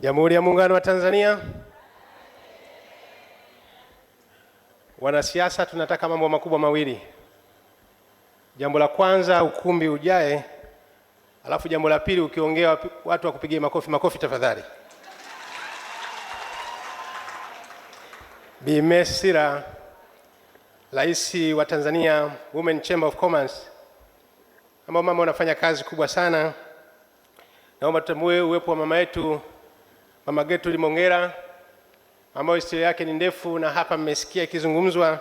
Jamhuri ya Muungano wa Tanzania. Wanasiasa tunataka mambo makubwa mawili. Jambo la kwanza ukumbi ujae, alafu jambo la pili ukiongea watu wakupigie makofi. Makofi tafadhali. Bi Mesira, Rais wa Tanzania Women Chamber of Commerce, ambao mama unafanya kazi kubwa sana, naomba tutambue uwepo wa mama yetu Mama Gertrude Mongera ambayo historia yake ni ndefu na hapa mmesikia ikizungumzwa,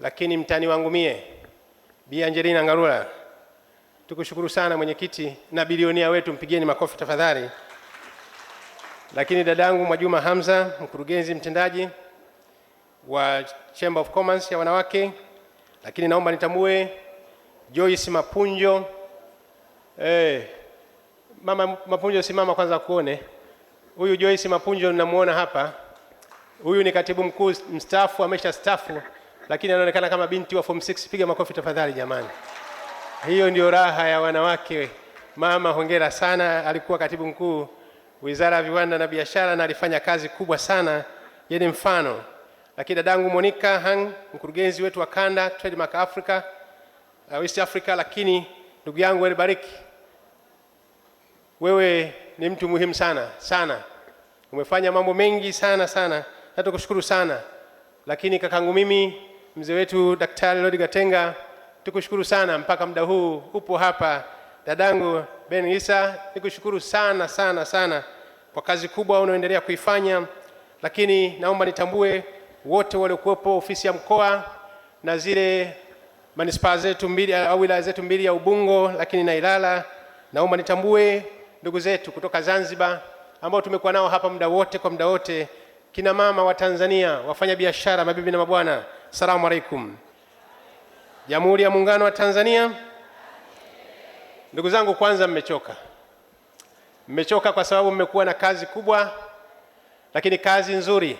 lakini mtani wangu mie Bi Angelina Ngarula, tukushukuru sana mwenyekiti na bilionia wetu, mpigieni makofi tafadhali. Lakini dadangu Mwajuma Hamza, mkurugenzi mtendaji wa Chamber of Commerce ya wanawake, lakini naomba nitambue Joyce Mapunjo. Eh, mama Mapunjo, simama kwanza kuone Huyu Joyce Mapunjo ninamuona hapa, huyu ni katibu mkuu mstaafu, amesha staafu, lakini anaonekana kama binti wa form 6. Piga makofi tafadhali jamani, hiyo ndio raha ya wanawake. Mama hongera sana, alikuwa katibu mkuu wizara ya viwanda na biashara, na alifanya kazi kubwa sana, yeye ni mfano. Lakini dadangu Monica Hang, mkurugenzi wetu wa kanda Trademark Africa, uh, West Africa. Lakini ndugu yangu Elbariki, wewe ni mtu muhimu sana sana umefanya mambo mengi sana sana na tukushukuru sana lakini kakangu mimi mzee wetu Daktari Lodi Gatenga, tukushukuru sana mpaka muda huu upo hapa. Dadangu Ben Isa, nikushukuru sana sana sana kwa kazi kubwa unaoendelea kuifanya, lakini naomba nitambue wote waliokuwepo ofisi ya mkoa na zile manispaa zetu mbili au wilaya zetu mbili ya Ubungo lakini na Ilala. Naomba nitambue ndugu zetu kutoka Zanzibar ambao tumekuwa nao hapa muda wote kwa muda wote, kina mama wa Tanzania, wafanya biashara, mabibi na mabwana, salamu alaikum. Jamhuri ya Muungano wa Tanzania, ndugu zangu, kwanza mmechoka, mmechoka kwa sababu mmekuwa na kazi kubwa, lakini kazi nzuri.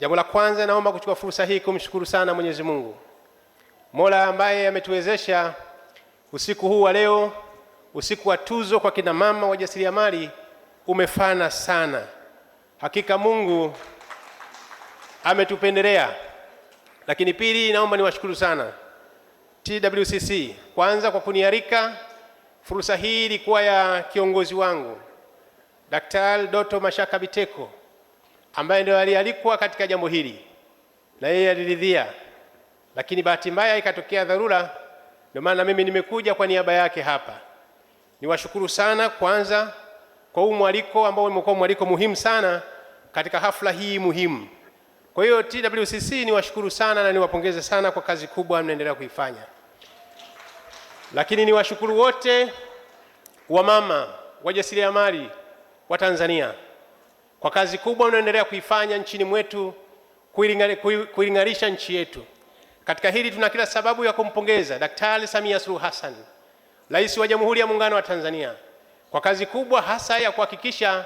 Jambo la kwanza, naomba kuchukua fursa hii kumshukuru sana Mwenyezi Mungu Mola ambaye ametuwezesha usiku huu wa leo, usiku wa tuzo kwa kina mama wajasiriamali umefana sana. Hakika Mungu ametupendelea. Lakini pili, naomba niwashukuru sana TWCC kwanza kwa kuniarika. Fursa hii ilikuwa ya kiongozi wangu Daktari Doto Mashaka Biteko ambaye ndio alialikwa katika jambo hili na yeye aliridhia, lakini bahati mbaya ikatokea dharura, ndio maana mimi nimekuja kwa niaba yake hapa. Niwashukuru sana kwanza kwa huu mwaliko ambao umekuwa mwaliko muhimu sana katika hafla hii muhimu. Kwa hiyo TWCC niwashukuru sana na niwapongeze sana kwa kazi kubwa mnaendelea kuifanya, lakini niwashukuru wote wamama wajasiriamali wa Tanzania kwa kazi kubwa mnaendelea kuifanya nchini mwetu kuilinganisha nchi yetu. Katika hili tuna kila sababu ya kumpongeza Daktari Samia Suluhu Hassan, Rais wa Jamhuri ya Muungano wa Tanzania kwa kazi kubwa hasa ya kuhakikisha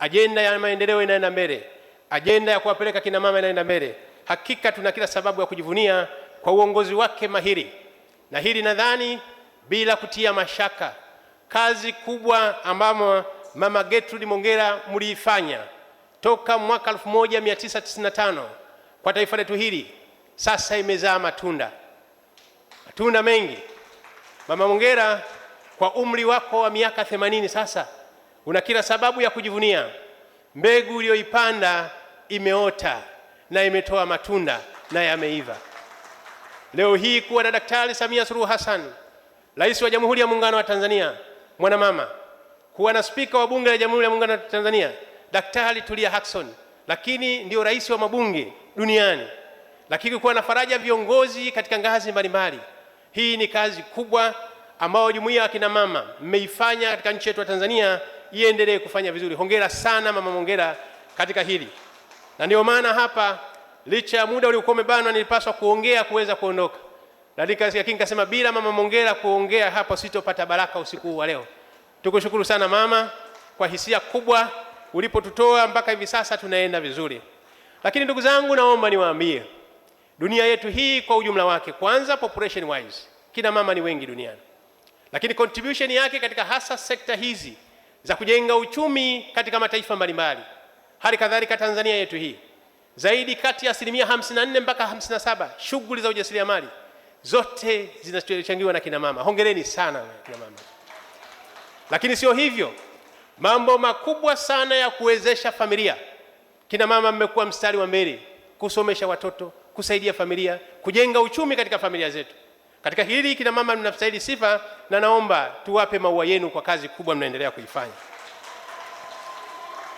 ajenda ya maendeleo inaenda mbele, ajenda ya kuwapeleka kina mama inaenda mbele. Hakika tuna kila sababu ya kujivunia kwa uongozi wake mahiri, na hili nadhani bila kutia mashaka kazi kubwa ambamo mama Gertrude Mongera mliifanya toka mwaka 1995 kwa taifa letu hili sasa imezaa matunda, matunda mengi. Mama Mongera kwa umri wako wa miaka themanini sasa una kila sababu ya kujivunia. Mbegu uliyoipanda imeota na imetoa matunda na yameiva. Leo hii kuwa na Daktari Samia Suluhu Hassan, Rais wa Jamhuri ya Muungano wa Tanzania, mwanamama, kuwa na Spika wa Bunge la Jamhuri ya Muungano wa Tanzania Daktari Tulia Ackson, lakini ndio rais wa mabunge duniani, lakini kuwa na faraja viongozi katika ngazi mbalimbali, hii ni kazi kubwa ambao jumuiya ya kina mama mmeifanya katika nchi yetu ya Tanzania iendelee kufanya vizuri. Hongera sana mama Mongera katika hili, na ndio maana hapa licha ya muda uliokuwa umebanwa nilipaswa kuongea kuweza kuondoka, lakini kasema bila mama Mongera kuongea hapo sitopata baraka usiku huu wa leo. Tukushukuru sana mama kwa hisia kubwa ulipotutoa mpaka hivi sasa tunaenda vizuri. Lakini ndugu zangu, naomba niwaambie dunia yetu hii kwa ujumla wake, kwanza population wise, kina mama ni wengi duniani lakini contribution yake katika hasa sekta hizi za kujenga uchumi katika mataifa mbalimbali, hali kadhalika Tanzania yetu hii, zaidi kati ya asilimia 54 mpaka 57 shughuli za ujasiriamali zote zinachangiwa na kina mama. Hongereni sana kina mama. Lakini sio hivyo, mambo makubwa sana ya kuwezesha familia, kina mama mmekuwa mstari wa mbele kusomesha watoto, kusaidia familia, kujenga uchumi katika familia zetu. Katika hili kina mama, mnastahili sifa na naomba tuwape maua yenu kwa kazi kubwa mnaendelea kuifanya.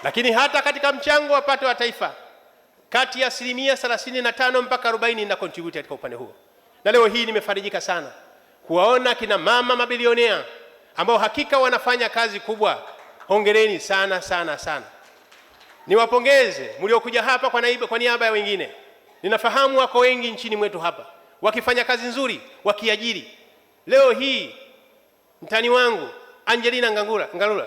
Lakini hata katika mchango wa pato wa taifa kati ya asilimia 35 mpaka 40 na contribute katika upande huo, na leo hii nimefarijika sana kuwaona kina mama mabilionea ambao hakika wanafanya kazi kubwa. Hongereni sana sana sana. Niwapongeze mliokuja hapa kwa niaba ya wengine, ninafahamu wako wengi nchini mwetu hapa wakifanya kazi nzuri, wakiajiri. Leo hii mtani wangu Angelina Ngangura, Ngalula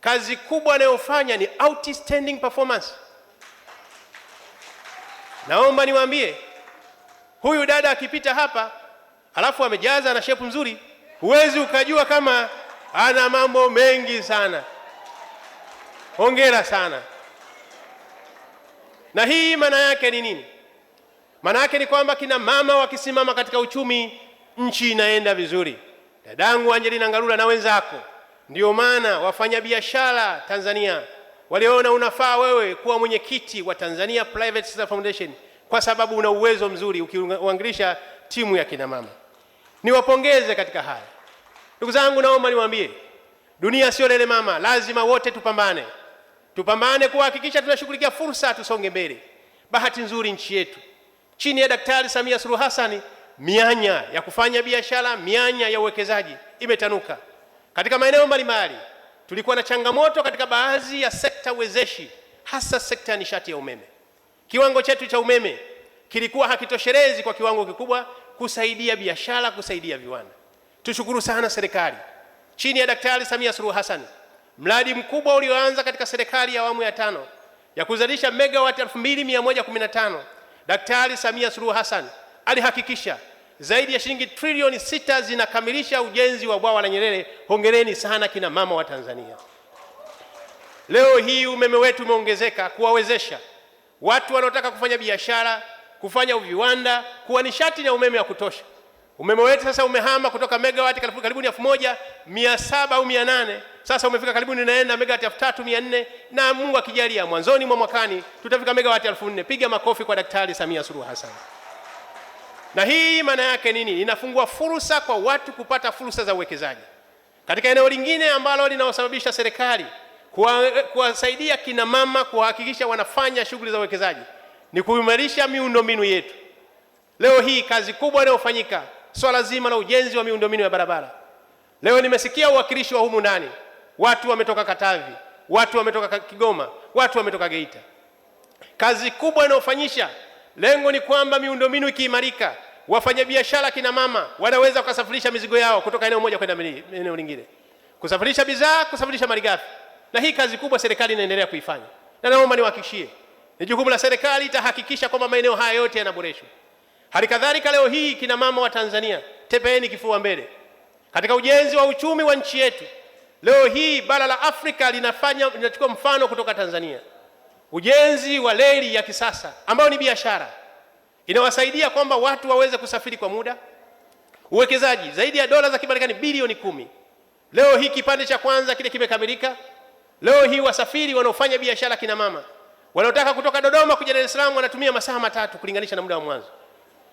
kazi kubwa anayofanya ni outstanding performance. Naomba niwaambie huyu dada akipita hapa alafu amejaza na shepu nzuri, huwezi ukajua kama ana mambo mengi sana. Hongera sana. Na hii maana yake ni nini? Maana yake ni kwamba kina mama wakisimama katika uchumi, nchi inaenda vizuri. Dadangu Angelina Ngarula na wenzako, ndio maana wafanyabiashara Tanzania waliona unafaa wewe kuwa mwenyekiti wa Tanzania Private Sector Foundation kwa sababu una uwezo mzuri ukiuangilisha timu ya kina mama. Niwapongeze katika haya. Ndugu zangu, naomba niwaambie, dunia sio lele mama, lazima wote tupambane, tupambane kuhakikisha tunashughulikia fursa, tusonge mbele. Bahati nzuri nchi yetu chini ya Daktari Samia Suluhu Hassan, mianya ya kufanya biashara, mianya ya uwekezaji imetanuka katika maeneo mbalimbali. Tulikuwa na changamoto katika baadhi ya sekta wezeshi, hasa sekta ya nishati ya umeme. Kiwango chetu cha umeme kilikuwa hakitoshelezi kwa kiwango kikubwa kusaidia biashara, kusaidia viwanda. Tushukuru sana serikali chini ya Daktari Samia Suluhu Hassan, mradi mkubwa ulioanza katika serikali ya awamu ya tano ya kuzalisha megawati 2115 Daktari Samia Suluhu Hassan alihakikisha zaidi ya shilingi trilioni sita zinakamilisha ujenzi wa bwawa la Nyerere. Hongereni sana kina mama wa Tanzania. Leo hii umeme wetu umeongezeka kuwawezesha watu wanaotaka kufanya biashara, kufanya viwanda, kuwa nishati na umeme wa kutosha. Umeme wetu sasa umehama kutoka megawati karibuni elfu moja mia saba au mia nane sasa umefika karibu ninaenda megawati elfu tatu mia nne na Mungu akijalia mwanzoni mwa mwakani tutafika megawati elfu nne. Piga makofi kwa Daktari Samia Suluhu Hassan. Na hii maana yake nini? Inafungua fursa kwa watu kupata fursa za uwekezaji katika eneo lingine ambalo linaosababisha serikali kuwasaidia kina mama kuhakikisha wanafanya shughuli za uwekezaji ni kuimarisha miundombinu yetu. Leo hii kazi kubwa inayofanyika swala zima la ujenzi wa miundombinu ya barabara. Leo nimesikia uwakilishi wa humu ndani watu wametoka Katavi, watu wametoka Kigoma, watu wametoka Geita. Kazi kubwa inayofanyisha, lengo ni kwamba miundombinu ikiimarika, wafanyabiashara kina mama wanaweza kusafirisha mizigo yao kutoka eneo moja kwenda eneo lingine, kusafirisha bidhaa, kusafirisha malighafi. Na hii kazi kubwa serikali inaendelea kuifanya, na naomba niwahakikishie, ni jukumu la serikali, itahakikisha kwamba maeneo haya yote yanaboreshwa. Hali kadhalika leo hii kina mama wa Tanzania, tepeeni kifua mbele katika ujenzi wa uchumi wa nchi yetu. Leo hii bara la Afrika linafanya linachukua mfano kutoka Tanzania, ujenzi wa reli ya kisasa ambayo ni biashara inawasaidia kwamba watu waweze kusafiri kwa muda. Uwekezaji zaidi ya dola za Kimarekani bilioni kumi. Leo hii kipande cha kwanza kile kimekamilika. Leo hii wasafiri wanaofanya biashara, kina mama wanaotaka kutoka Dodoma kuja Dar es Salaam wanatumia masaa matatu kulinganisha na muda wa mwanzo.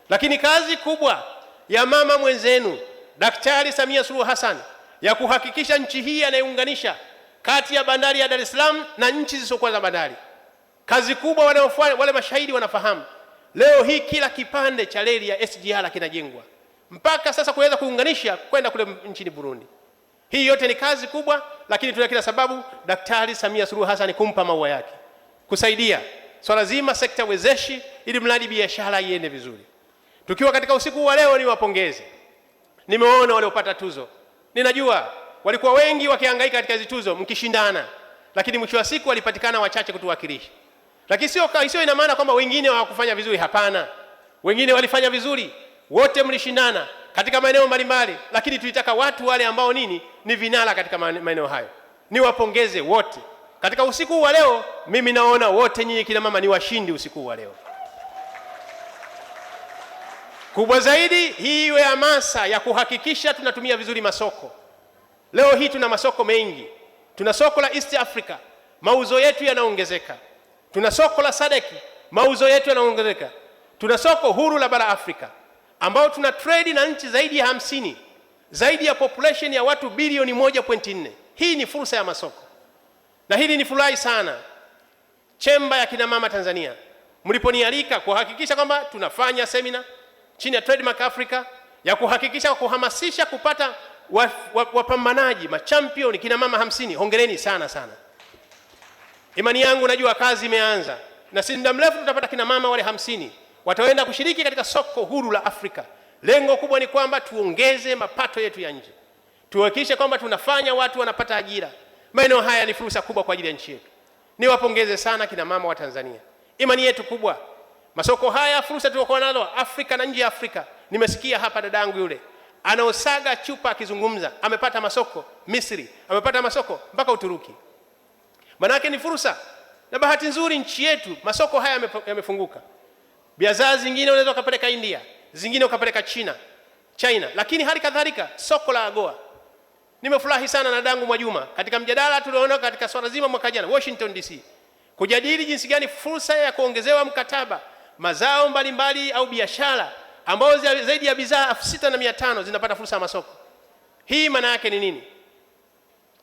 Lakini kazi kubwa ya mama mwenzenu Daktari Samia Suluhu Hassan ya kuhakikisha nchi hii anayeunganisha kati ya bandari ya Dar es Salaam na nchi zisizokuwa za bandari. Kazi kubwa wanayofanya wale mashahidi wanafahamu. Leo hii kila kipande cha reli ya SGR kinajengwa mpaka sasa kuweza kuunganisha kwenda kule nchini Burundi. Hii yote ni kazi kubwa, lakini tuna kila sababu Daktari Samia Suluhu Hassan kumpa maua yake kusaidia swala so zima sekta wezeshi, ili mradi biashara iende vizuri. Tukiwa katika usiku wa leo, niwapongeze, nimeona waliopata tuzo Ninajua walikuwa wengi wakihangaika katika hizo tuzo mkishindana, lakini mwisho wa siku walipatikana wachache kutuwakilisha. Lakini sio sio, ina maana kwamba wengine hawakufanya vizuri. Hapana, wengine walifanya vizuri. Wote mlishindana katika maeneo mbalimbali, lakini tulitaka watu wale ambao nini ni vinara katika maeneo hayo. Niwapongeze wote katika usiku huu wa leo. Mimi naona wote nyinyi kina mama ni washindi usiku huu wa leo. Kubwa zaidi hii iwe hamasa ya kuhakikisha tunatumia vizuri masoko. Leo hii tuna masoko mengi, tuna soko la East Africa, mauzo yetu yanaongezeka. Tuna soko la SADC, mauzo yetu yanaongezeka. Tuna soko huru la bara Afrika ambao tuna trade na nchi zaidi ya hamsini, zaidi ya population ya watu bilioni 1.4. Hii ni fursa ya masoko, na hili ni furahi sana chemba ya kinamama Tanzania mliponialika kuhakikisha kwamba tunafanya semina chini ya Trademark Africa ya kuhakikisha kuhamasisha kupata wapambanaji wa, wa machampion kina mama hamsini. Hongereni sana sana, imani yangu najua kazi imeanza, na si muda mrefu tutapata kina mama wale hamsini wataenda kushiriki katika soko huru la Afrika. Lengo kubwa ni kwamba tuongeze mapato yetu ya nje, tuhakikishe kwamba tunafanya watu wanapata ajira. Maeneo haya ni fursa kubwa kwa ajili ya nchi yetu. Niwapongeze sana kina mama wa Tanzania, imani yetu kubwa Masoko haya fursa tuliokuwa nalo Afrika na nje ya Afrika, nimesikia hapa dadangu yule anaosaga chupa akizungumza, amepata masoko Misri, amepata masoko mpaka Uturuki. Manake ni fursa, na bahati nzuri nchi yetu masoko haya yamefunguka. Bidhaa zingine unaweza ukapeleka India, zingine ukapeleka China, China, lakini hali kadhalika soko la AGOA. Nimefurahi sana na dangu Mwajuma katika mjadala tulioona katika swala zima mwaka jana Washington DC, kujadili jinsi gani fursa ya kuongezewa mkataba mazao mbalimbali mbali, au biashara ambazo zaidi ya bidhaa elfu sita na mia tano zinapata fursa ya masoko. Hii maana yake ni nini?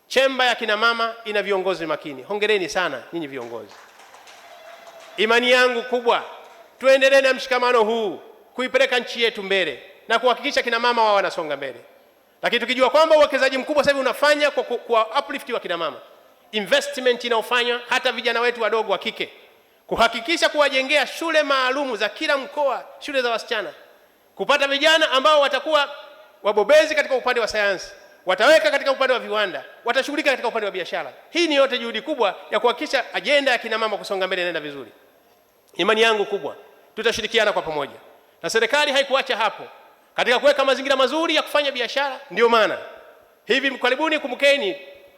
Chemba ya kina mama ina viongozi makini. Hongereni sana nyinyi viongozi. Imani yangu kubwa, tuendelee na mshikamano huu kuipeleka nchi yetu mbele na kuhakikisha kina mama wao wanasonga mbele, lakini tukijua kwamba uwekezaji mkubwa sasa hivi unafanya kwa, kwa uplift wa kina mama, investment inayofanywa hata vijana wetu wadogo wa kike kuhakikisha kuwajengea shule maalumu za kila mkoa, shule za wasichana, kupata vijana ambao watakuwa wabobezi katika upande wa sayansi, wataweka katika upande wa viwanda, watashughulika katika upande wa biashara. Hii ni yote juhudi kubwa ya kuhakikisha ajenda ya kina mama kusonga mbele inaenda vizuri. Imani yangu kubwa, tutashirikiana kwa pamoja, na serikali haikuacha hapo katika kuweka mazingira mazuri ya kufanya biashara. Ndio maana hivi karibuni, kumbukeni,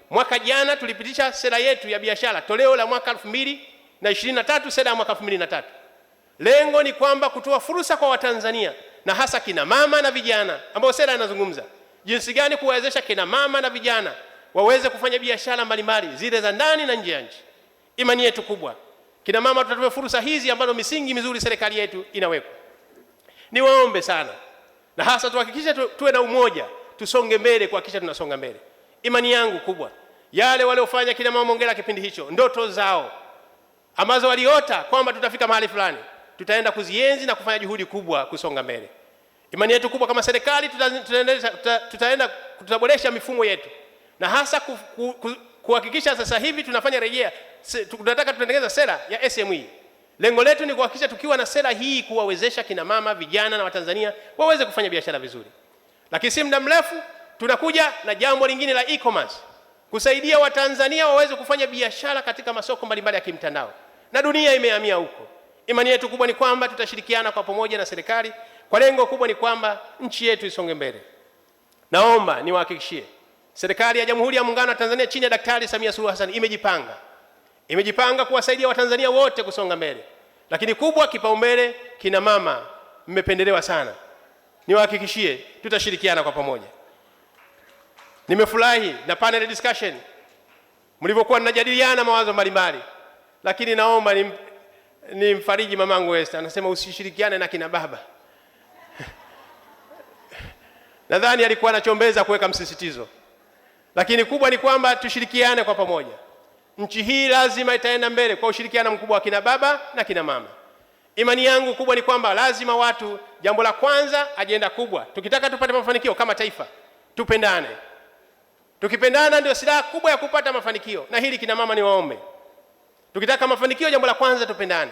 mwaka jana tulipitisha sera yetu ya biashara, toleo la mwaka elfu mbili na 23 seda ya mwaka 2023. Lengo ni kwamba kutoa fursa kwa Watanzania na hasa kina mama na vijana ambao sera inazungumza jinsi gani kuwawezesha kina mama na vijana waweze kufanya biashara mbalimbali zile za ndani na nje ya nchi. Imani yetu kubwa kina mama tutatoa fursa hizi ambazo misingi mizuri serikali yetu inawekwa. Niwaombe sana na hasa tuhakikishe tu, tuwe na umoja, tusonge mbele kuhakikisha tunasonga mbele. Imani yangu kubwa yale waliofanya kina mama Mongela kipindi hicho, ndoto zao ambazo waliota kwamba tutafika mahali fulani, tutaenda kuzienzi na kufanya juhudi kubwa kusonga mbele. Imani yetu kubwa kama serikali tutaendeleza, tutaenda tutaboresha mifumo yetu na hasa kuhakikisha sasa hivi tunafanya rejea, tunataka tutengeneza sera ya SME. Lengo letu ni kuhakikisha tukiwa na sera hii kuwawezesha kina mama, vijana na Watanzania waweze kufanya biashara vizuri, lakini si muda mrefu tunakuja na jambo lingine la e-commerce kusaidia Watanzania waweze kufanya biashara katika masoko mbalimbali ya kimtandao, na dunia imehamia huko. Imani yetu kubwa ni kwamba tutashirikiana kwa pamoja na serikali kwa lengo kubwa ni kwamba nchi yetu isonge mbele. Naomba niwahakikishie serikali ya Jamhuri ya Muungano wa Tanzania chini ya Daktari Samia Suluhu Hassan imejipanga, imejipanga kuwasaidia Watanzania wote kusonga mbele, lakini kubwa kipaumbele, kina mama mmependelewa sana. Niwahakikishie tutashirikiana kwa pamoja. Nimefurahi na panel discussion mlivyokuwa mnajadiliana mawazo mbalimbali, lakini naomba ni, ni mfariji mamangu Esther, anasema usishirikiane na kina baba nadhani alikuwa anachombeza kuweka msisitizo, lakini kubwa ni kwamba tushirikiane kwa pamoja. Nchi hii lazima itaenda mbele kwa ushirikiano mkubwa wa kina baba na kina mama. Imani yangu kubwa ni kwamba lazima watu, jambo la kwanza, ajenda kubwa, tukitaka tupate mafanikio kama taifa, tupendane. Tukipendana ndio silaha kubwa ya kupata mafanikio, na hili kina mama ni waombe. Tukitaka mafanikio, jambo la kwanza tupendane,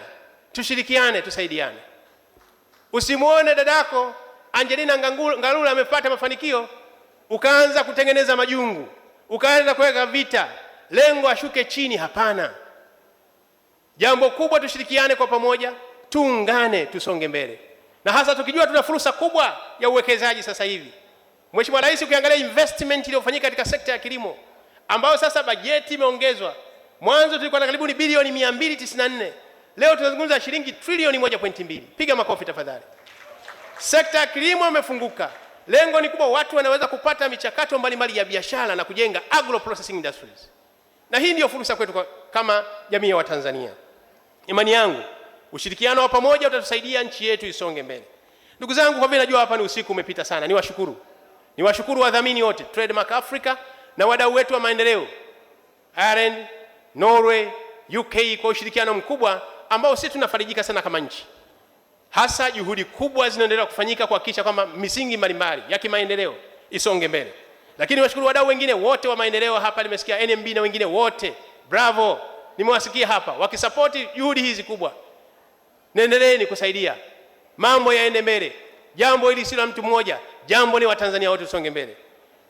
tushirikiane, tusaidiane. Usimwone dadako Angelina Ngalula amepata mafanikio ukaanza kutengeneza majungu, ukaanza kuweka vita, lengo ashuke chini. Hapana, jambo kubwa tushirikiane kwa pamoja, tuungane, tusonge mbele, na hasa tukijua tuna fursa kubwa ya uwekezaji sasa hivi Mheshimiwa Rais, ukiangalia investment iliyofanyika katika sekta ya kilimo ambayo sasa bajeti imeongezwa, mwanzo tulikuwa na karibu ni bilioni 294, leo tunazungumza shilingi trilioni 1.2. Piga makofi tafadhali. Sekta ya kilimo imefunguka, lengo ni kubwa, watu wanaweza kupata michakato mbalimbali ya biashara na kujenga agro processing industries, na hii ndiyo fursa kwetu kwa, kama jamii ya Watanzania. Imani yangu ushirikiano wa pamoja utatusaidia nchi yetu isonge mbele. Ndugu zangu, kwa vile najua hapa ni usiku umepita sana, niwashukuru ni washukuru wadhamini wote Trademark Africa na wadau wetu wa maendeleo Ireland, Norway, UK kwa ushirikiano mkubwa ambao sisi tunafarijika sana kama nchi, hasa juhudi kubwa zinaendelea kufanyika kuhakikisha kwamba misingi mbalimbali ya kimaendeleo isonge mbele. Lakini washukuru wadau wengine wote wa maendeleo hapa, nimesikia NMB na wengine wote, bravo, nimewasikia hapa wakisapoti juhudi hizi kubwa. Naendeleeni kusaidia mambo yaende mbele, jambo hili sio la mtu mmoja. Jambo ni Watanzania wote tusonge mbele.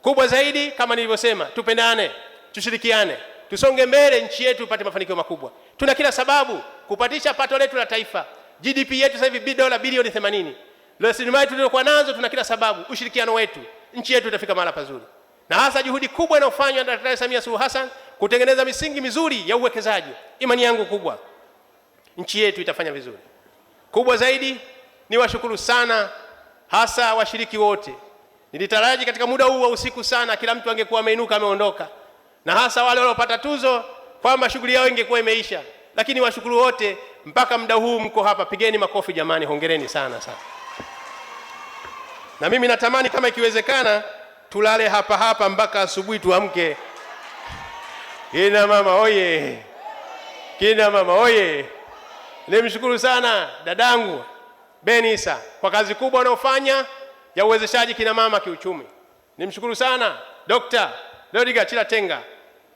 Kubwa zaidi kama nilivyosema, tupendane, tushirikiane, tusonge mbele, nchi yetu ipate mafanikio makubwa. Tuna kila sababu kupatisha pato letu la taifa. GDP yetu sasa hivi dola bilioni 80. Rasilimali tulizokuwa nazo, tuna kila sababu, ushirikiano wetu, nchi yetu itafika mahala pazuri, na hasa juhudi kubwa inayofanywa na Daktari Samia Suluhu Hassan kutengeneza misingi mizuri ya uwekezaji. Imani yangu kubwa, nchi yetu itafanya vizuri. Kubwa zaidi ni washukuru sana hasa washiriki wote. Nilitaraji katika muda huu wa usiku sana kila mtu angekuwa ameinuka ameondoka, na hasa wale waliopata tuzo kwamba shughuli yao ingekuwa imeisha, lakini washukuru wote mpaka muda huu mko hapa, pigeni makofi jamani, hongereni sana sana. Na mimi natamani kama ikiwezekana tulale hapa hapa mpaka asubuhi tuamke. Kina mama oye! Kina mama oye! Nimshukuru sana dadangu Ben Isa kwa kazi kubwa anayofanya ya uwezeshaji kina mama kiuchumi. Nimshukuru sana Dr. Rodiga Chilatenga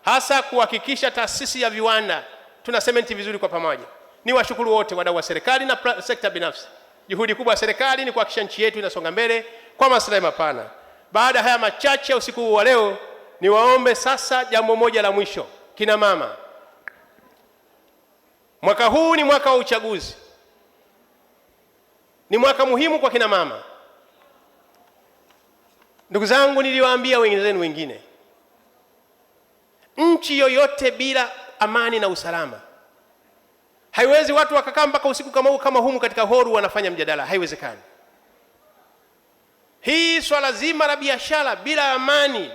hasa kuhakikisha taasisi ya viwanda tuna sementi vizuri kwa pamoja. Ni washukuru wote wadau wa serikali na sekta binafsi. Juhudi kubwa ya serikali ni kuhakikisha nchi yetu inasonga mbele kwa maslahi mapana. Baada haya machache ya usiku huu wa leo, niwaombe sasa jambo moja la mwisho, kina mama. Mwaka huu ni mwaka wa uchaguzi. Ni mwaka muhimu kwa kina mama. Ndugu zangu, niliwaambia wenzenu wengine, nchi yoyote bila amani na usalama haiwezi. Watu wakakaa mpaka usiku kama huu kama humu katika horu wanafanya mjadala, haiwezekani. Hii swala zima la biashara bila amani,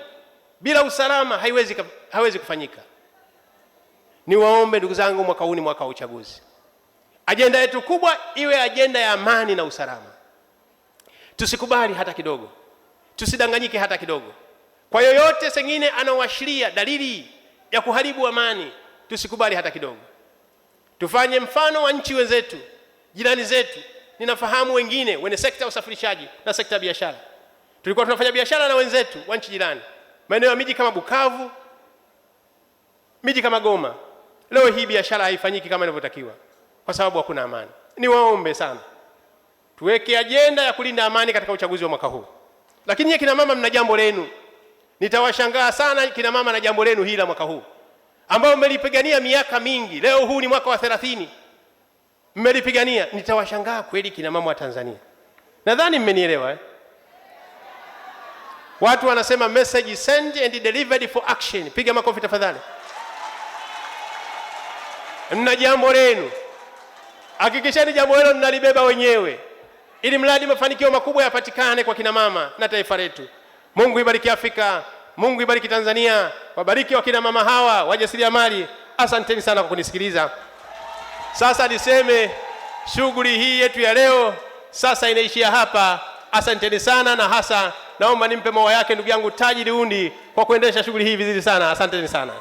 bila usalama haiwezi, haiwezi kufanyika. Niwaombe ndugu zangu, mwaka huu ni mwaka wa uchaguzi. Ajenda yetu kubwa iwe ajenda ya amani na usalama. Tusikubali hata kidogo, tusidanganyike hata kidogo kwa yoyote sengine anaoashiria dalili ya kuharibu amani. Tusikubali hata kidogo, tufanye mfano wa nchi wenzetu, jirani zetu. Ninafahamu wengine wenye sekta ya usafirishaji na sekta ya biashara, tulikuwa tunafanya biashara na wenzetu wa nchi jirani, maeneo ya miji kama Bukavu, miji kama Goma. Leo hii biashara haifanyiki kama inavyotakiwa kwa sababu hakuna amani. Niwaombe sana tuweke ajenda ya kulinda amani katika uchaguzi wa mwaka huu. Lakini nyie kina mama, mna jambo lenu, nitawashangaa sana kina mama na jambo lenu hili la mwaka huu ambao mmelipigania miaka mingi. Leo huu ni mwaka wa 30 mmelipigania, nitawashangaa kweli kina mama wa Tanzania. Nadhani mmenielewa eh? Watu wanasema message send and delivered for action. Piga makofi tafadhali. Mna jambo lenu. Hakikisheni jambo hilo mnalibeba wenyewe, ili mradi mafanikio makubwa yapatikane kwa kina mama na taifa letu. Mungu ibariki Afrika, Mungu ibariki Tanzania, wabariki wakina mama hawa wajasiriamali. Asanteni sana kwa kunisikiliza. Sasa niseme shughuli hii yetu ya leo sasa inaishia hapa. Asanteni sana, na hasa naomba nimpe maua yake ndugu yangu Taji Liundi kwa kuendesha shughuli hii vizuri sana. Asanteni sana.